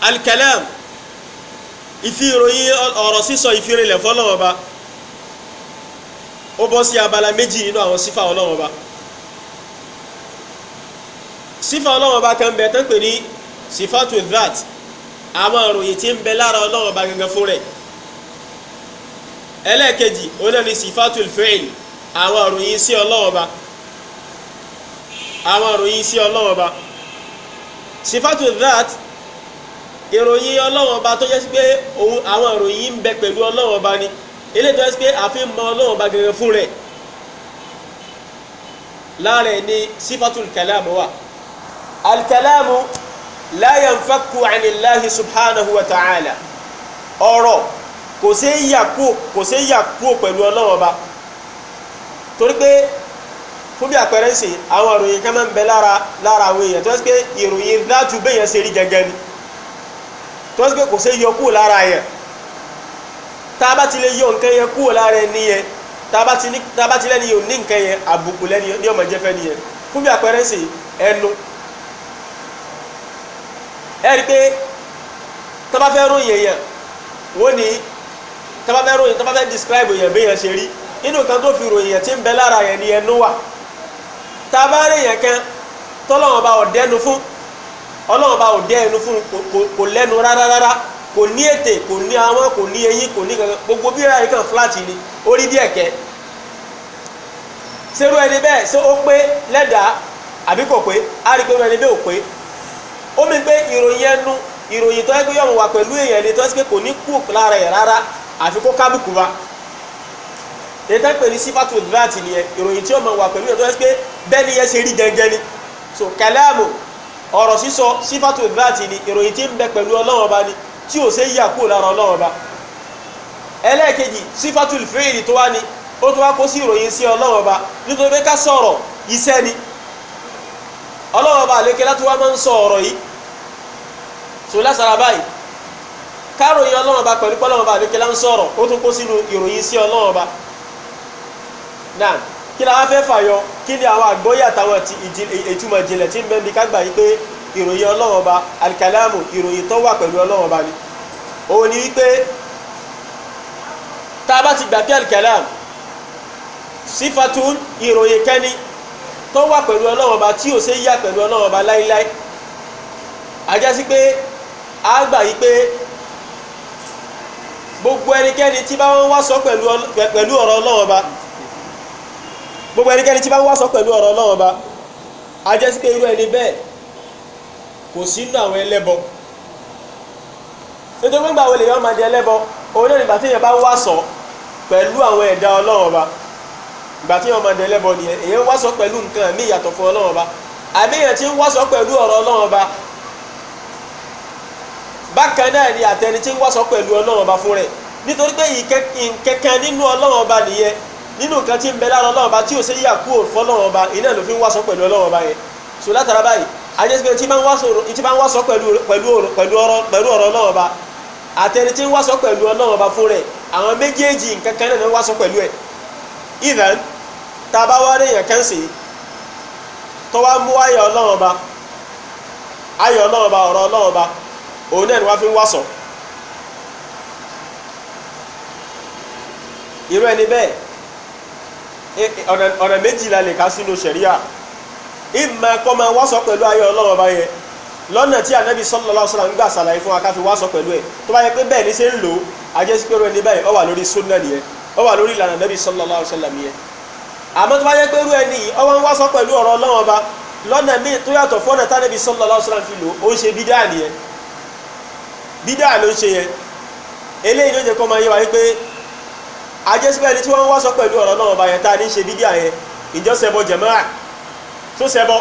alkalam ìfi ìròyìn ọ̀rọ̀ sísọ ìfirinlẹ̀ fọ́lọ́run ọba ó bọ́ sí abala méjì nínú àwọn sífà ọlọ́run ọba sífà ọlọ́run ọba kan bẹ̀ tán pè ní sífàtù dhat àwọn ìròyìn tí ń bẹ lára ọlọ́run ọba gangan fún rẹ̀ ẹlẹ́ẹ̀kejì òun náà ni sifatul fi'l àwọn ìròyìn sí ọlọ́run ọba àwọn ìròyìn sí ọlọ́run ọba sifatul dhat ìròyìn ọlọ́run ọba tó jẹ́ sí pé àwọn ìròyìn ń bẹ pẹ̀lú ọlọ́run ọba ni eléyìí tó jẹ́ sí pé àfi mọ ọlọ́run ọba gangan fún rẹ̀ lára ẹ̀ sifatul kalam wà alkalamu la yanfakku anillahi subhanahu wa ta'ala ọ̀rọ̀ kò ṣe é yà kúò kò ṣe é yà kúò pẹ̀lú ọlọ́run ọba torí pé fún bí àpẹẹrẹ ń sè àwọn ìròyìn kan máa ń bẹ lára lára àwọn èèyàn tó ṣe pé ìròyìn láti bẹ́yẹn ṣe rí gẹ́gẹ́ ni tó ṣe pé kò ṣe é lára yẹn tá ti lè yọ nǹkan yẹn kúò lára ẹni yẹn tá ti lẹ́ni yóò ní nǹkan yẹn àbùkù lẹ́ni yóò máa jẹ́ fẹ́ ni yẹn fún bí àpẹẹrẹ ń sè ẹnu ẹ̀rí pé tọ́ba fẹ́ ròyìn èèyàn wọ́n describe èèyàn béèyàn ṣe rí nínú nǹkan tó fi ròyìn èèyàn tí ń bẹ lára yẹn ni ẹnu wà tá a bá rí èèyàn tọ́lọ́wọ́n bá ọ̀dẹ́nu fún ọlọ́wọ́n bá fún kò lẹ́nu rárá rárá kò ní ètè kò ní àwọn kò ní eyín kò ní kankan gbogbo bí kan ni ó rí díẹ̀ kẹ́ serú ẹni bẹ́ẹ̀ ṣé ó pé lẹ́dàá àbí kò ó mi pé ìròyìn ẹnu ìròyìn tó yẹ pé yọ̀mù wà pẹ̀lú èèyàn ni tó yẹ pé kò ní kú lára ẹ̀ rárá àfi kó kábùkù wa èyí tẹ́ pé ní sífàtù dìláàtì nìyẹn ìròyìn tí yọ̀mù wà pẹ̀lú èèyàn tó yẹ pé bẹ́ẹ̀ ni yẹn ṣe rí gẹ́gẹ́ ni so kàlámù ọ̀rọ̀ sísọ sífàtù dìláàtì ni ìròyìn tí ń bẹ pẹ̀lú Ọlọ́run Ọba ni tí ò ṣe yà kú lára Ọlọ́run Ọba ẹlẹ́ẹ̀kejì sífàtù fíìlì tó wá ni ó tó wá kó sí ìròyìn sí Ọlọ́run Ọba nítorí pé ọlọ́wọ́ bá lékè láti wá máa ń sọ ọ̀rọ̀ yìí so lásàrà báyìí káròyìn ọlọ́wọ́ bá pẹ̀lú pọ́lọ́wọ́ bá lékè láti sọ̀rọ̀ ó tún kó sínú ìròyìn sí ọlọ́wọ́ bá náà kí ni àwọn afẹ́ fàyọ kí ni àwọn àgbọ́yé àtàwọn ìtumọ̀ ìjìnlẹ̀ tí ń bẹ́ẹ̀ bí kágbà yìí pé ìròyìn ọlọ́wọ́ bá alikalamu ìròyìn tó wà pẹ̀lú ọlọ́wọ́ bá ni òun ni wípé tá a bá ti gbà pé alikalamu sífatún ìròyìn kẹ́ni tó wà pẹ̀lú ọlọ́run ọba tí ò ṣe yà pẹ̀lú ọlọ́run ọba láíláí àjẹsí pé a gbà yí pé gbogbo ẹnikẹ́ni tí bá ń wá sọ pẹ̀lú ọ̀rọ̀ ọlọ́run ọba gbogbo ẹnikẹ́ni tí bá ń wá sọ pẹ̀lú ọ̀rọ̀ ọlọ́run ọba àjẹsí pé irú ẹni bẹ́ẹ̀ kò sínú àwọn ẹlẹ́bọ nítorí gbogbo àwọn èèyàn máa di ẹlẹ́bọ òun náà nígbà tí èèyàn bá wá sọ pẹ̀lú àwọn ẹ̀dá ọlọ́run ọba ìgbà tí wọn máa dẹ lẹ́bọ nìyẹn èyàn wá sọ pẹ̀lú nǹkan mí ìyàtọ̀ fún ọlọ́run ọba àbí èyàn ti ń wá sọ pẹ̀lú ọ̀rọ̀ ọlọ́run ọba bákan náà ni àtẹni tí ń wá sọ pẹ̀lú ọlọ́run ọba fún rẹ̀ nítorí pé ìkẹkẹ nínú ọlọ́run ọba nìyẹn nínú nǹkan tí ń bẹ lára ọlọ́run ọba tí ò sí yà kú òfò ọlọ́run ọba iná ló fi ń wá sọ pẹ̀lú ọlọ́run ọba yẹn so látara báyìí ajẹ́sìkẹ́ tí máa ń wá sọ pẹ̀lú ọ̀rọ̀ ọlọ́run ọba àtẹni tí ń wá sọ pẹ̀lú ọlọ́run ọba fún rẹ̀ àwọn méjèèjì nǹkan kan náà ń wá sọ pẹ̀lú ẹ̀ Even tabawari a bá wá réèyàn kẹ́sì tó wá mú ayọ̀ ọlọ́run ọba ayọ̀ ọlọ́run ọba ọ̀rọ̀ ọlọ́run ọba òun náà ni wọ́n fi ń wàsàn irú ẹni bẹ́ẹ̀ ọ̀nà méjìlá lè ká sínú ṣẹ̀ríà ìmọ̀ kọ́ máa wá sọ pẹ̀lú ayọ̀ ọlọ́run ọba yẹn lọ́nà tí ànábì sallallahu alaihi wasallam ń gbà sàlàyé fún wa ká fi wá sọ pẹ̀lú ẹ̀ tó bá yẹ pé bẹ́ẹ̀ ní ṣe ń lò á pé irú ẹni báyìí ó wà lórí sunna nìyẹn ó wà lórí ìlànà nẹ́bí sallallahu alaihi wasallam yẹn àmọ́ tó bá yẹ pé irú ẹni yìí ọwọ́ ń wá sọ pẹ̀lú ọ̀rọ̀ Ọlọ́run ọba lọ́nà míì tó yàtọ̀ fọ́nà tá nẹ́bí sallallahu alaihi wasallam fi lò ó ń ṣe bídáà nìyẹn bídáà ló ń ṣe yẹn eléyìí ló jẹ́ kó máa yé wa wípé ajẹ́sípẹ́ ẹni tí wọ́n ń wá sọ pẹ̀lú ọ̀rọ̀ Ọlọ́run ọba yẹn tá a ní ṣe bídáà yẹn ìjọ ṣẹbọ jẹ̀mọ́rà tó ṣẹbọ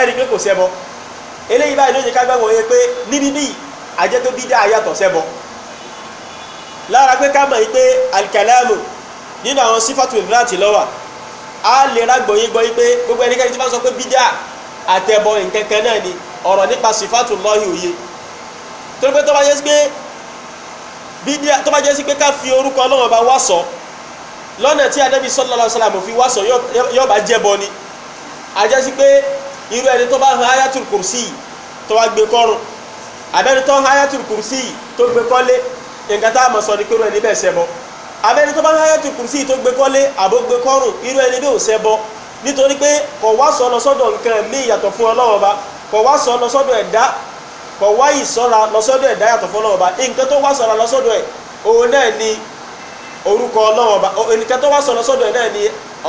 ẹ̀rí pé kò ṣẹbọ eléyìí báyìí ló jẹ́ ká gbàgbọ́ yẹn pé níbí bíi ajẹ́ pé bídáà yàtọ̀ ṣẹbọ lára pé ká mọ̀ yìí pé nínú àwọn sífàtù ìdíláàtì lọ́wà á lè rágbọ̀yé gbọ́ pé gbogbo ẹnikẹ́ni tí bá sọ pé bídà àtẹ̀bọ nkankan náà ni ọ̀rọ̀ nípa sífàtù lọ́hìn òye torí pé tó bá jẹ́ sí pé bídà tó bá jẹ́ sí pé ká fi orúkọ Ọlọ́run bá wá sọ lọ́nà tí Ànábì sallallahu alaihi fi wá sọ yóò bá jẹ́ bọ ni àjẹ́ sí pé irú ẹni tó bá han ayatul kursi tó wá gbé kọ́rùn àbẹ́ni tó han ayatul kursi tó gbé kọ́lé nǹkan tá a mọ̀ sọ ni pé irú ẹni bẹ́ẹ̀ ṣẹbọ abẹ́ni tó bá ń háyàtù kùrùsí tó gbé kọ́lé àbó gbé kọ́rùn irú ẹni bí ò ṣẹbọ nítorí pé kò wá sọ lọ sọ́dọ̀ nǹkan mí yàtọ̀ fún Ọlọ́run Ọba kò wá sọ lọ sọ́dọ̀ ẹ̀dá kò wá ìsọ́ra lọ sọ́dọ̀ ẹ̀dá yàtọ̀ fún Ọlọ́run Ọba nǹkan tó wá sọ̀rọ̀ lọ sọ́dọ̀ ẹ̀ òun náà ni orúkọ Ọlọ́run Ọba nǹkan tó wá sọ̀rọ̀ sọ́dọ̀ ẹ̀ náà ni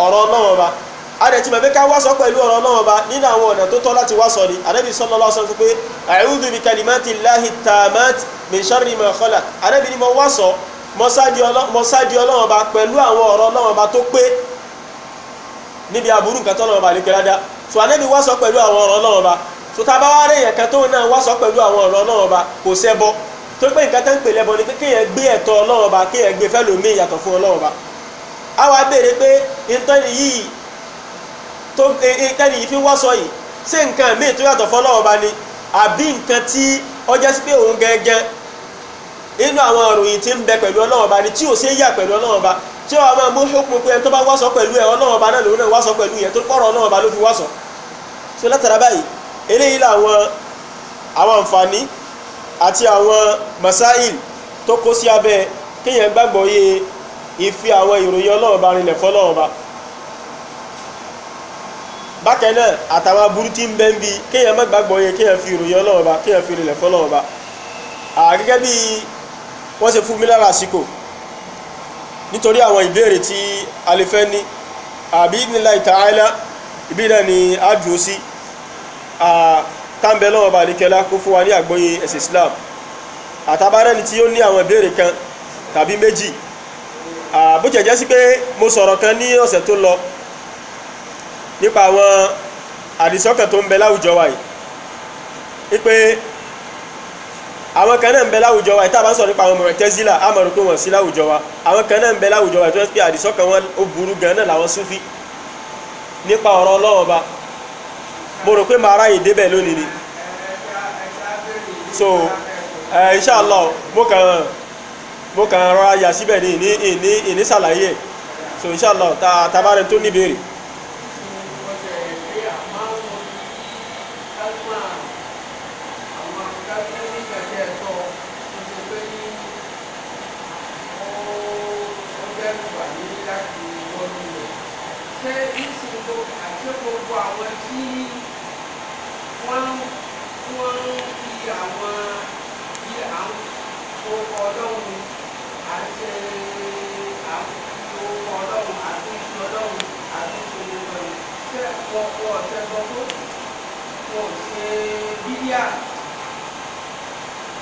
ọ̀rọ̀ Ọlọ́run Ọba adẹ̀tí bàbá ká wá sọ pẹ̀lú ọ̀rọ̀ Ọlọ́run Ọba nínú àwọn ọ̀nà tó tọ́ láti wá sọ ni Ànábì sallallahu alaihi wasallam pé a'udhu bi kalimati llahi tammati min sharri ma khalaq Ànábì ni mo wá sọ mọ́sáàdì ọlọ́wọ́n ba pẹ̀lú àwọn ọ̀rọ̀ ọlọ́wọ́n ba tó pé níbi aburú nǹkan tọ́lọ́wọ́n ba nìkan dáadáa tó anábì wá sọ pẹ̀lú àwọn ọ̀rọ̀ ọlọ́wọ́n ba tó ta bá wá rẹ̀ yẹn kan tóun náà wá sọ pẹ̀lú àwọn ọ̀rọ̀ ọlọ́wọ́n ba kò ṣẹbọ tó pé nǹkan tó ń pè lẹ́bọ ni pé kéèyàn gbé ẹ̀tọ́ ọlọ́wọ́n ba kéèyàn gbé fẹ́ lómi ìyàtọ̀ ba á wá inú àwọn ìròyìn tí ń bẹ pẹ̀lú ọlọ́run ọba ni tí ò ṣe é yà pẹ̀lú ọlọ́run ọba tí wọ́n máa mú hókun pé ẹni tó bá wàsọ pẹ̀lú ẹ ọlọ́run ọba náà lòun náà wàsọ pẹ̀lú yẹn tó kọ́rọ̀ ọlọ́run ọba ló fi wàsọ. so látara báyìí eléyìí làwọn àwọn àǹfààní àti àwọn masáìl tó kó sí abẹ́ kéèyàn gbàgbọ́ yé ìfi àwọn ìròyìn ọlọ́run ọba rinlẹ̀ fọlọ́run ọba. bákan wọ́n ṣe fún mi lára àsìkò nítorí àwọn ìbéèrè tí a lè fẹ́ ní àbí nílá ìtààlá ìbí náà ni a dúró sí àtàǹbẹ̀ lọ́wọ́ bá nìkẹ́lá kó fún wa ní àgbọ́yé ẹ̀sìn Islam àtàbárẹ́ni tí ó ní àwọn ìbéèrè kan tàbí méjì bó jẹ́jẹ́ sí pé mo sọ̀rọ̀ kan ní ọ̀sẹ̀ tó lọ nípa àwọn àdìsọ́kàn tó ń bẹ láwùjọ wa yìí àwọn kan náà ń bẹ láwùjọ wa ìta bá ń sọ nípa àwọn Mu'tazila àmọ̀rò pé wọ́n sí láwùjọ wa àwọn kan náà ń bẹ láwùjọ wa ìtọ́jú pé àdìsọ́kàn wọn ó burú gan náà làwọn Sufi nípa ọ̀rọ̀ Ọlọ́run ba mo rò pé màá ráyè débẹ̀ lónìí ni so inshallah mo kàn mo kàn rọra yà síbẹ̀ ní ìní ìní ṣàlàyé so inshallah tá a bá rẹ tó níbèrè.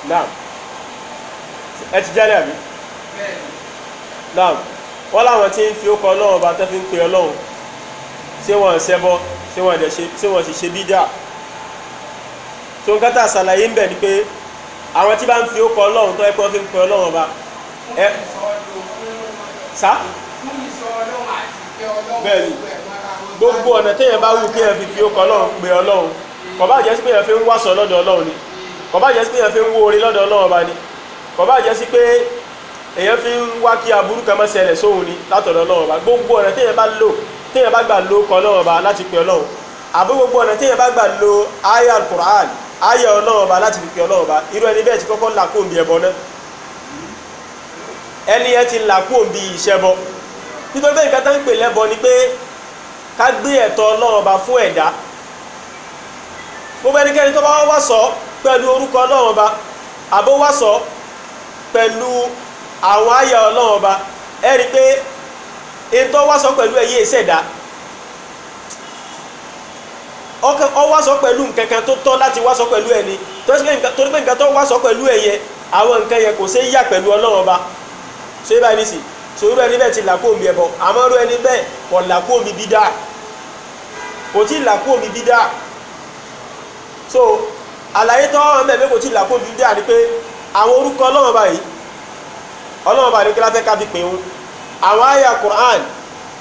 naam ẹ ti jáde àbí naam wọ́n láwọn tí ń fi ó kọ ọlọ́run ọba tó fi ń pè ọlọ́run tí wọ́n ń ṣẹbọ tí wọ́n dẹ̀ ṣe tí wọ́n sì ṣe bídà tó ń kátà ṣàlàyé ń bẹ̀ ni pé àwọn tí bá ń fi ó kọ ọlọ́run tó ẹ pé wọ́n fi ń pè ọlọ́run ọba ẹ sá bẹ́ẹ̀ ni gbogbo ọ̀nà téèyàn bá wù kí èèyàn fi fi ó kọ pè ọlọ́run kò jẹ́ sí pé èèyàn fi ń wàṣọ lọ́dọ̀ ọlọ́run ni kọ̀bá jẹ́ sí pé èèyàn fi ń wó orí lọ́dọ̀ náà ọba ni kọ̀bá jẹ́ sí pé èèyàn fi ń wá kí aburú kan má sóhun ni látọ̀dọ̀ náà ọba gbogbo ọ̀nà téèyàn bá lò téèyàn bá gbà lo kọ́ náà ọba láti pè ọlọ́run àbí gbogbo ọ̀nà téèyàn bá gbà lo aya al-Qur'an aya ọlọ́run ọba láti fi pè ọlọ́run ọba irú ẹni bẹ́ẹ̀ ti kọ́kọ́ là kóńbi ẹ̀bọ náà ẹni yẹn ti là kóńbi ìṣẹ́bọ nítorí bẹ́ẹ̀ nǹkan tó ń pè pẹ̀lú orúkọ ọlọ́run ọba àbówásọ pẹ̀lú àwọn àyà ọlọ́run ọba ẹ rí i pé ètò wásọ pẹ̀lú ẹ̀yẹ ìṣẹ̀dá ọ wásọ pẹ̀lú nǹkan kan tó tọ́ láti wásọ pẹ̀lú ẹni torí pé nǹkan tó wásọ pẹ̀lú ẹ̀yẹ àwọn nǹkan yẹn kò ṣe é yà pẹ̀lú ọlọ́run ọba ṣé báyìí nìsí sòrú ẹni bẹ́ẹ̀ ti làkó omi ẹ̀bọ àmọ́ irú ẹni bẹ́ẹ̀ kò làkó omi bídà kò tí làkó omi bídà so àlàyé tó wọ́n mẹ́ẹ̀mẹ́ kò tí ì làkó bíbí àní pé àwọn orúkọ ọlọ́run báyìí ọlọ́run bá nìkẹ́lá fẹ́ ká fi pè wọn àwọn àyà Qur'an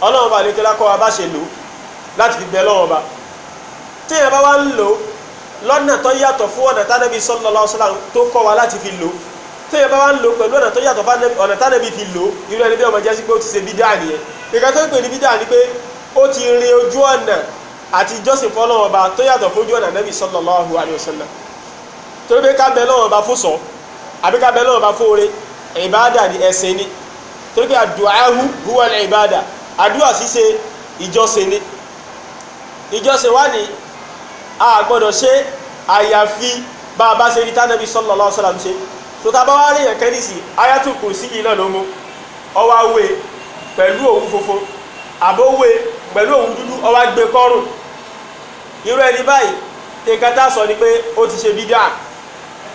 ọlọ́run bá nìkẹ́lá kọ́ wa bá ṣe lò láti fi bẹ lọ́wọ́n ba tí ìyẹn bá wá ń lò lọ́nà tó yàtọ̀ fún ọ̀nà tánẹ́bí sallallahu alaihi wasallam tó kọ́ wa láti fi lò tí ìyẹn bá wá ń lò pẹ̀lú ọ̀nà tó yàtọ̀ ọ̀nà tánẹ́bí fi lò irú ẹni bí ọmọ jẹ́ sí pé ó ti ṣe bídà nìyẹn ìka tó ń pè ní bídà ni pé ó ti rin ojú ọ̀nà àti ìjọsìn fọlọ́wọ́n ba tó yàtọ̀ fójú ọ̀nà tánẹ́bí sallallahu alaihi wasallam torí pé ká bẹ lọ́wọ́ bá fún sọ àbí ká bẹ lọ́wọ́ bá fún oore ìbáàdà ni ẹ̀sìn ni torí pé àdùáhù huwa ní ìbáàdà àdúrà ṣíṣe ìjọsìn ni ìjọsìn wá ní a gbọ́dọ̀ ṣe àyàfi bá a bá ṣe rí tánàbí sallallahu alaihi wasallam ṣe tó ta bá wá rí yẹn kẹ́rìsì ayatul kursi yìí náà ló mú ọwọ́ awé pẹ̀lú òwú funfun àbówé pẹ̀lú òwú dúdú ọwọ́ agbẹ́kọ́rùn irú ẹni báyìí nǹkan tá a sọ ni pé ó ti ṣe bídà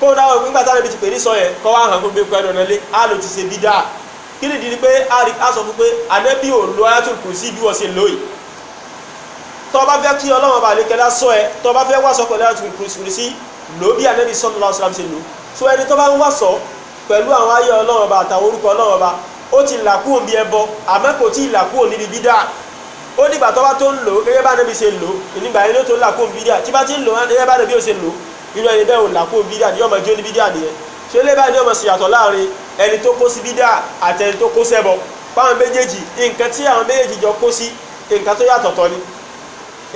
kó dáhùn nígbà táwọn ibi ti pè ní sọ yẹn kọ́ wá hàn fún gbẹ́kọ̀ ẹnu ọ̀nàlé á lò ti ṣe bídà kí nìdí ni pé á sọ fún pé ànábì ò lo ayatul kùsí bí wọ́n ṣe lóyè tó bá fẹ́ kí ọlọ́wọ́n bá lè kẹ́lá sọ ẹ tó bá fẹ́ wàsọ pẹ̀lú ayatul kùsí lò bí ànábì sallallahu alaihi wasallam ṣe lò so ẹni tó bá ń wàsọ pẹ̀lú àwọn ayé ọlọ́wọ́n bá àtàwọn orúkọ ọlọ́wọ́n bá ó ti là kúrò bí ẹbọ àmọ́ kò tí ì là kúrò níbi bídà ó dìgbà tó bá tó ń lò gẹ́gẹ́ bá ànábì ṣe lò ìnígbà yẹn ló tó là kúrò bí bídà tí bá ti ń lò gẹ́gẹ́ irú ẹni bẹ́ẹ̀ ò làkó bídà ní ọmọ jóni bídà nìyẹn ṣé lébà ní ọmọ ṣìyàtọ̀ láàrin ẹni tó kó sí bídà àti ẹni tó kó sẹ́bọ fáwọn méjèèjì nǹkan tí àwọn méjèèjì jọ kó sí nǹkan tó yàtọ̀ tọ́ ni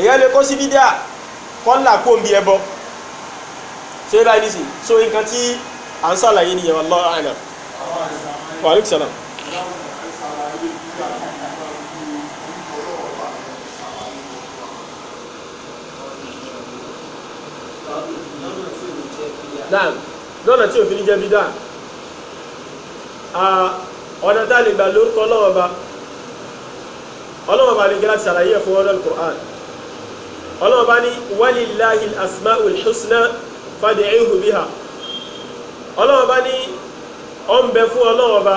èyàn lè kó sí bídà kọ́ làkó bí ẹbọ ṣé lébà ní sì so nǹkan tí à ń sàlàyé nìyẹn wallahu a'lam. Wa alaikum salam. islam lọ́nà tí òfin jẹ́ bídà ọ̀nà tá a lè gbà lórúkọ ọlọ́wọ́ba ọlọ́wọ́ba lè gẹ́lá ti ṣàlàyé ẹ̀fọ́ ọ̀nà al-Qur'an ọlọ́wọ́ba ní walillahi al-asma'ul husna fad'ihu biha ọlọ́wọ́ba ní ó ń bẹ fún ọlọ́wọ́ba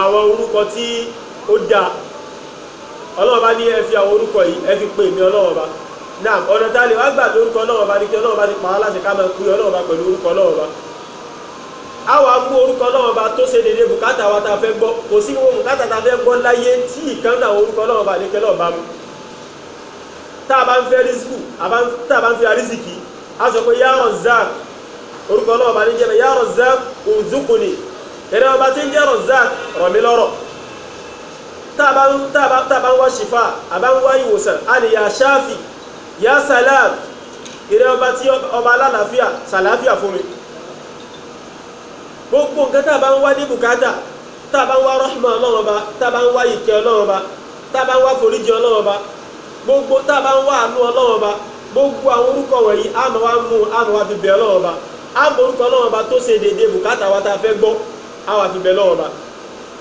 àwọn orúkọ tí ó dáa ọlọ́wọ́ba ní ẹ fi àwọn orúkọ yìí ẹ fi pè mí ọlọ́wọ́ba naam ọ̀nà tá a lè wá gbà tó orúkọ ọlọ́run ọba ní kí pa á láti ká máa pẹ̀lú orúkọ a wàá mú orúkọ tó ṣe déédéé wa ta fẹ́ gbọ́ kò sí bùkátà fẹ́ gbọ́ láyé tí ìkan náà orúkọ ọlọ́run ní kí tá a bá ń fẹ́ rísíkù tá a bá ń fẹ́ rísíkì a sọ pé orúkọ ní ya salam ire ọba tí ọba alálàáfíà sàlàáfíà fún mi gbogbo nǹkan tá a bá ń wá ní bùkátà tá a bá ń wá rọ́ṣùmọ́ ọlọ́run ọba tá a bá ń wá ìkẹ́ ọlọ́run ọba tá gbogbo tá a bá ń wá àánú ọlọ́run ọba gbogbo àwọn orúkọ wọ̀nyí àmọ́ wa mú àmọ́ wa fi bẹ̀ ọlọ́run ọba àmọ́ orúkọ ọlọ́run ọba tó ṣe wa tá a fẹ́ gbọ́ àwa fi bẹ̀ ọlọ́run ọba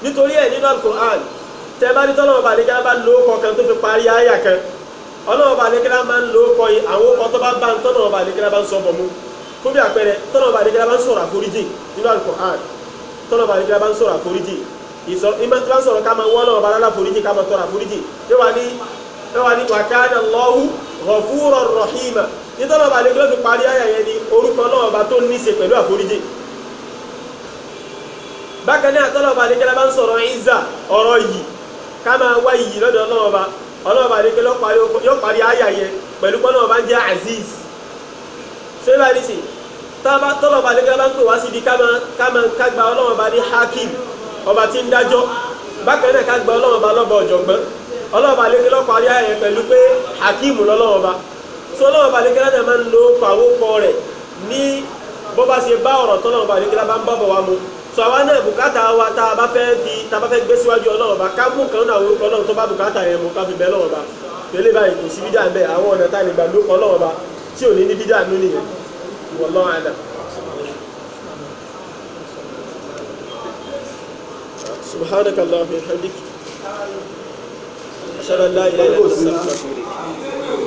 nítorí ẹ̀ nínú ọlọ́run ọba àdékẹ́lá máa ń lo kọ́ yìí àwọn ọkọ̀ tó bá bá ń tọ́nà ọba àdékẹ́lá bá ń sọ bọ̀ mú fún bí àpẹẹrẹ tọ́nà ọba àdékẹ́lá bá ń sọ̀rọ̀ àforíjì nínú Al-Qur'an tọ́nà ọba àdékẹ́lá bá ń sọ̀rọ̀ àforíjì ìsọ ìmọ̀tìlá sọ̀rọ̀ ká máa wọ́n náà ọba lálá àforíjì ká máa tọrọ àforíjì yóò wá ní wa kana Allahu ghafuran rahima nítorí ọba àdékẹ́lá fi parí àyà yẹn ni orúkọ náà ọba tó ní í ṣe pẹ̀lú àforíjì bákan ká ọlọ́ọ̀bà àdékẹ́ yóò parí àyà yẹn pẹ̀lú pọ́n náà bá jẹ́ aziz ṣé bá ní sìn tọ́lọ̀bà àdékẹ́ bá ń pè wá síbi kágbà ọlọ́ọ̀bà ní hakim ọba tí ń dájọ́ bákan náà kágbà ọlọ́ọ̀bà lọ́ba ọ̀jọ̀gbọ́n ọlọ́ọ̀bà àdékẹ́ lọ́ parí àyà yẹn pẹ̀lú pé hakim lọ́lọ́ọ̀bà tó ọlọ́ọ̀bà àdékẹ́ láti máa ń lo pàwọ́pọ̀ rẹ̀ ní bó bá ṣe bá ọ̀rọ̀ tọ́lọ̀bà àdékẹ́ lá sọ àwa náà bùkátà wa tá a bá fẹ́ di tá a bá fẹ́ gbé síwájú ọlọ́run ọba ká mú kan náà orúkọ ọlọ́run tó bá bùkátà yẹn mú ká fi bẹ́ ọlọ́run ọba tẹ̀lé báyìí kò sí bídà ń bẹ àwọn ọ̀nà tá a lè gbà lóko ọlọ́run ọba tí ò ní ní bídà nínú nìyẹn wallahu a'lam. سبحانك اللهم وبحمدك اشهد ان لا اله الا انت استغفرك